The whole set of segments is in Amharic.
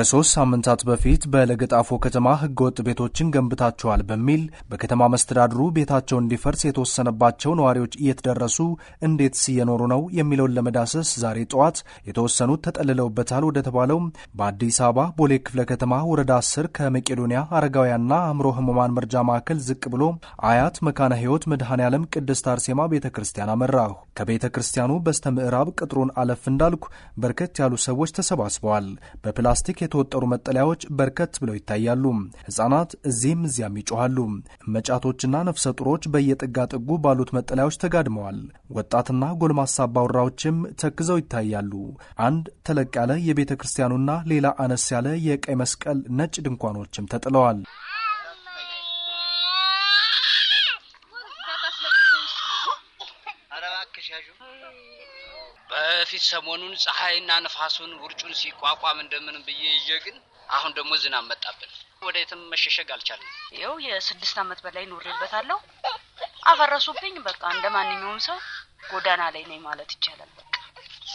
ከሶስት ሳምንታት በፊት በለገጣፎ ከተማ ህገወጥ ቤቶችን ገንብታቸዋል በሚል በከተማ መስተዳድሩ ቤታቸው እንዲፈርስ የተወሰነባቸው ነዋሪዎች እየተደረሱ እንዴትስ እየኖሩ ነው የሚለውን ለመዳሰስ ዛሬ ጠዋት የተወሰኑት ተጠልለውበታል ወደተባለው በአዲስ አበባ ቦሌ ክፍለ ከተማ ወረዳ አስር ከመቄዶንያ አረጋውያንና አእምሮ ህሙማን መርጃ ማዕከል ዝቅ ብሎ አያት መካነ ህይወት መድኃኔ ዓለም ቅድስት አርሴማ ቤተ ክርስቲያን አመራሁ። ከቤተ ክርስቲያኑ በስተ ምዕራብ ቅጥሩን አለፍ እንዳልኩ በርከት ያሉ ሰዎች ተሰባስበዋል። በፕላስቲክ የተወጠሩ መጠለያዎች በርከት ብለው ይታያሉ። ህጻናት እዚህም እዚያም ይጮኋሉ። መጫቶችና ነፍሰ ጡሮች በየጥጋ ጥጉ ባሉት መጠለያዎች ተጋድመዋል። ወጣትና ጎልማሳ ባውራዎችም ተክዘው ይታያሉ። አንድ ተለቅ ያለ የቤተ ክርስቲያኑና ሌላ አነስ ያለ የቀይ መስቀል ነጭ ድንኳኖችም ተጥለዋል። በፊት ሰሞኑን ፀሐይና ነፋሱን ውርጩን ሲቋቋም እንደምንም ብዬ ይዤ ግን አሁን ደግሞ ዝናብ መጣብን። ወደ የትም መሸሸግ አልቻለም። ይኸው የስድስት ዓመት በላይ ኖሬበታለሁ። አፈረሱብኝ። በቃ እንደ ማንኛውም ሰው ጎዳና ላይ ነኝ ማለት ይቻላል። በቃ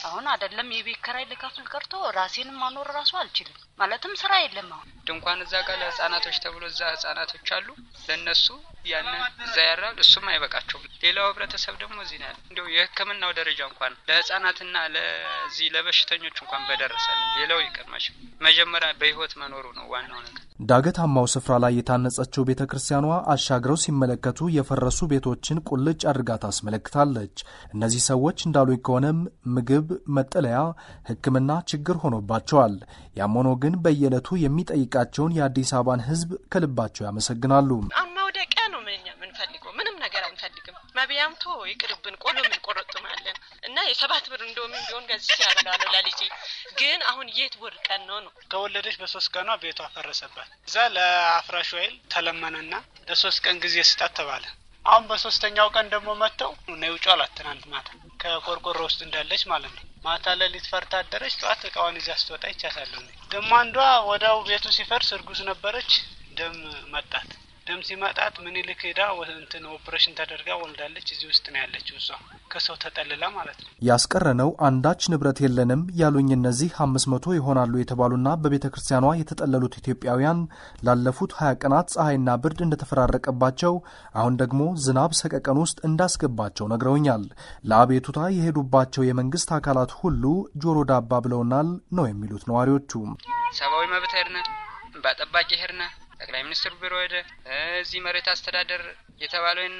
አሁን አይደለም የቤት ኪራይ ልከፍል ቀርቶ ራሴንም ማኖር ራሱ አልችልም። ማለትም ስራ የለም። አሁን ድንኳን እዛ ጋር ለህጻናቶች ተብሎ እዛ ህጻናቶች አሉ። ለእነሱ ያንን እዛ ያራል፣ እሱም አይበቃቸውም። ሌላው ህብረተሰብ ደግሞ እዚህ ነው ያለ። እንዲሁ የህክምናው ደረጃ እንኳን ለህጻናትና ለዚህ ለበሽተኞች እንኳን በደረሰልን፣ ሌላው ይቀድማሽ መጀመሪያ በህይወት መኖሩ ነው ዋናው ነገር። ዳገታማው ስፍራ ላይ የታነጸችው ቤተ ክርስቲያኗ አሻግረው ሲመለከቱ የፈረሱ ቤቶችን ቁልጭ አድርጋ ታስመለክታለች። እነዚህ ሰዎች እንዳሉ ከሆነም ምግብ፣ መጠለያ፣ ህክምና ችግር ሆኖባቸዋል። ያም ሆኖ ግን በየዕለቱ የሚጠይቃቸውን የአዲስ አበባን ህዝብ ከልባቸው ያመሰግናሉ። መውደቂያ ነው የምንፈልገው፣ ምንም ነገር አንፈልግም። መብያምቶ ይቅርብን፣ ቆሎ እንቆረጥማለን እና የሰባት ብር እንደውም ቢሆን ገዝቼ ያበላለሁ ለልጄ። ግን አሁን የት ወድቀን ነው ነው ከወለደች በሶስት ቀኗ ቤቷ ፈረሰባት። እዛ ለአፍራሽ ወይል ተለመነና ለሶስት ቀን ጊዜ ስጣት ተባለ። አሁን በሶስተኛው ቀን ደግሞ መጥተው ነይ ውጪ አላት። ትናንት ማታ ከቆርቆሮ ውስጥ እንዳለች ማለት ነው ማታ ለሊት ፈርታ አደረች። ጠዋት እቃዋን ይዛ ስትወጣ ይቻታለሁ። ደግሞ አንዷ ወዳው ቤቱ ሲፈርስ እርጉዝ ነበረች። ደም መጣት ደም ሲመጣት ምኒልክ ሄዳ እንትን ኦፕሬሽን ተደርጋ ወልዳለች። እዚህ ውስጥ ነው ያለችው እሷ ከሰው ተጠልላ ማለት ነው። ያስቀረነው አንዳች ንብረት የለንም ያሉኝ እነዚህ አምስት መቶ ይሆናሉ የተባሉና በቤተ ክርስቲያኗ የተጠለሉት ኢትዮጵያውያን ላለፉት ሀያ ቀናት ፀሐይና ብርድ እንደተፈራረቀባቸው አሁን ደግሞ ዝናብ ሰቀቀን ውስጥ እንዳስገባቸው ነግረውኛል። ለአቤቱታ የሄዱባቸው የመንግስት አካላት ሁሉ ጆሮ ዳባ ብለውናል ነው የሚሉት ነዋሪዎቹ። ሰብአዊ መብት ሄድነ በጠባቂ ሄድነ ጠቅላይ ሚኒስትር ቢሮ ሄደ፣ እዚህ መሬት አስተዳደር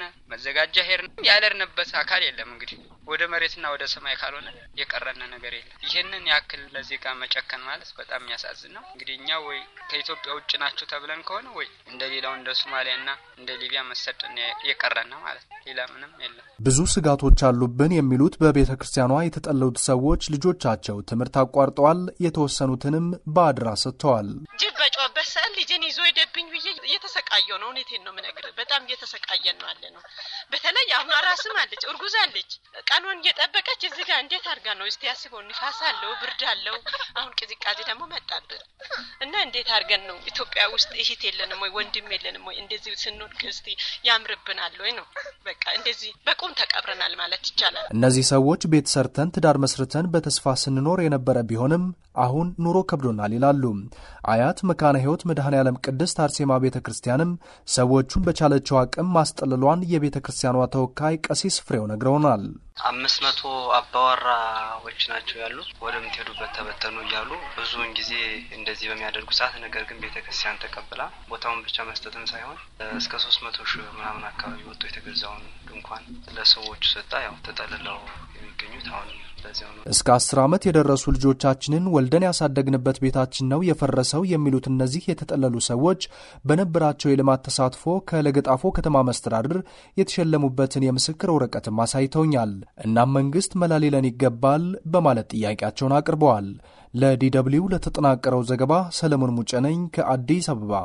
ና መዘጋጃ ሄድን። ያለርንበት አካል የለም እንግዲህ ወደ መሬትና ወደ ሰማይ ካልሆነ የቀረነ ነገር የለም። ይህንን ያክል ለዜጋ መጨከን ማለት በጣም የሚያሳዝን ነው። እንግዲህ እኛ ወይ ከኢትዮጵያ ውጭ ናቸው ተብለን ከሆነ ወይ እንደ ሌላው እንደ ሶማሊያና እንደ ሊቢያ መሰደን የቀረነ ማለት ነው። ሌላ ምንም የለም። ብዙ ስጋቶች አሉብን የሚሉት በቤተ ክርስቲያኗ የተጠለሉት ሰዎች ልጆቻቸው ትምህርት አቋርጠዋል፣ የተወሰኑትንም በአድራ ሰጥተዋል። በጮህበት ሰዓት ልጄን ይዞ ሄደብኝ ብዬ እየተሰቃየው ነው። እውነቴን ነው የምነግርህ። በጣም እየተሰቃየን ነው ያለ ነው። በተለይ አሁን አራስም አለች፣ እርጉዝ አለች። ቀኑን እየጠበቀች እዚህ ጋር እንዴት አድርጋ ነው እስቲ ያስበው። ንፋስ አለው፣ ብርድ አለው። አሁን ቅዝቃዜ ደግሞ መጣብን እና እንዴት አድርገን ነው ኢትዮጵያ ውስጥ እህት የለንም ወይ ወንድም የለንም ወይ? እንደዚህ ስንወድቅ እስቲ ያምርብናል ወይ ነው። በቃ እንደዚህ በቁም ተቀብረናል ማለት ይቻላል። እነዚህ ሰዎች ቤት ሰርተን ትዳር መስርተን በተስፋ ስንኖር የነበረ ቢሆንም አሁን ኑሮ ከብዶናል ይላሉ አያት መካነ ሕይወት መድኃኔ ዓለም ቅድስት አርሴማ ቤተ ክርስቲያንም ሰዎቹን በቻለችው አቅም ማስጠልሏን የቤተ ክርስቲያኗ ተወካይ ቀሲስ ፍሬው ነግረውናል። አምስት መቶ አባወራዎች ናቸው ያሉት ወደምትሄዱበት ተበተኑ እያሉ ብዙውን ጊዜ እንደዚህ በሚያደርጉ ሰዓት ነገር ግን ቤተክርስቲያን ተቀብላ ቦታውን ብቻ መስጠትም ሳይሆን እስከ ሶስት መቶ ሺህ ምናምን አካባቢ ወጥቶ የተገዛውን ድንኳን ለሰዎቹ ሰጣ። ያው ተጠልለው የሚገኙት አሁን እስከ አስር ዓመት የደረሱ ልጆቻችንን ወልደን ያሳደግንበት ቤታችን ነው የፈረሰው የሚሉት እነዚህ የተጠለሉ ሰዎች በነበራቸው የልማት ተሳትፎ ከለገጣፎ ከተማ መስተዳድር የተሸለሙበትን የምስክር ወረቀትም አሳይተውኛል። እናም መንግስት መላ ሊለን ይገባል በማለት ጥያቄያቸውን አቅርበዋል። ለዲደብሊው ለተጠናቀረው ዘገባ ሰለሞን ሙጨነኝ ከአዲስ አበባ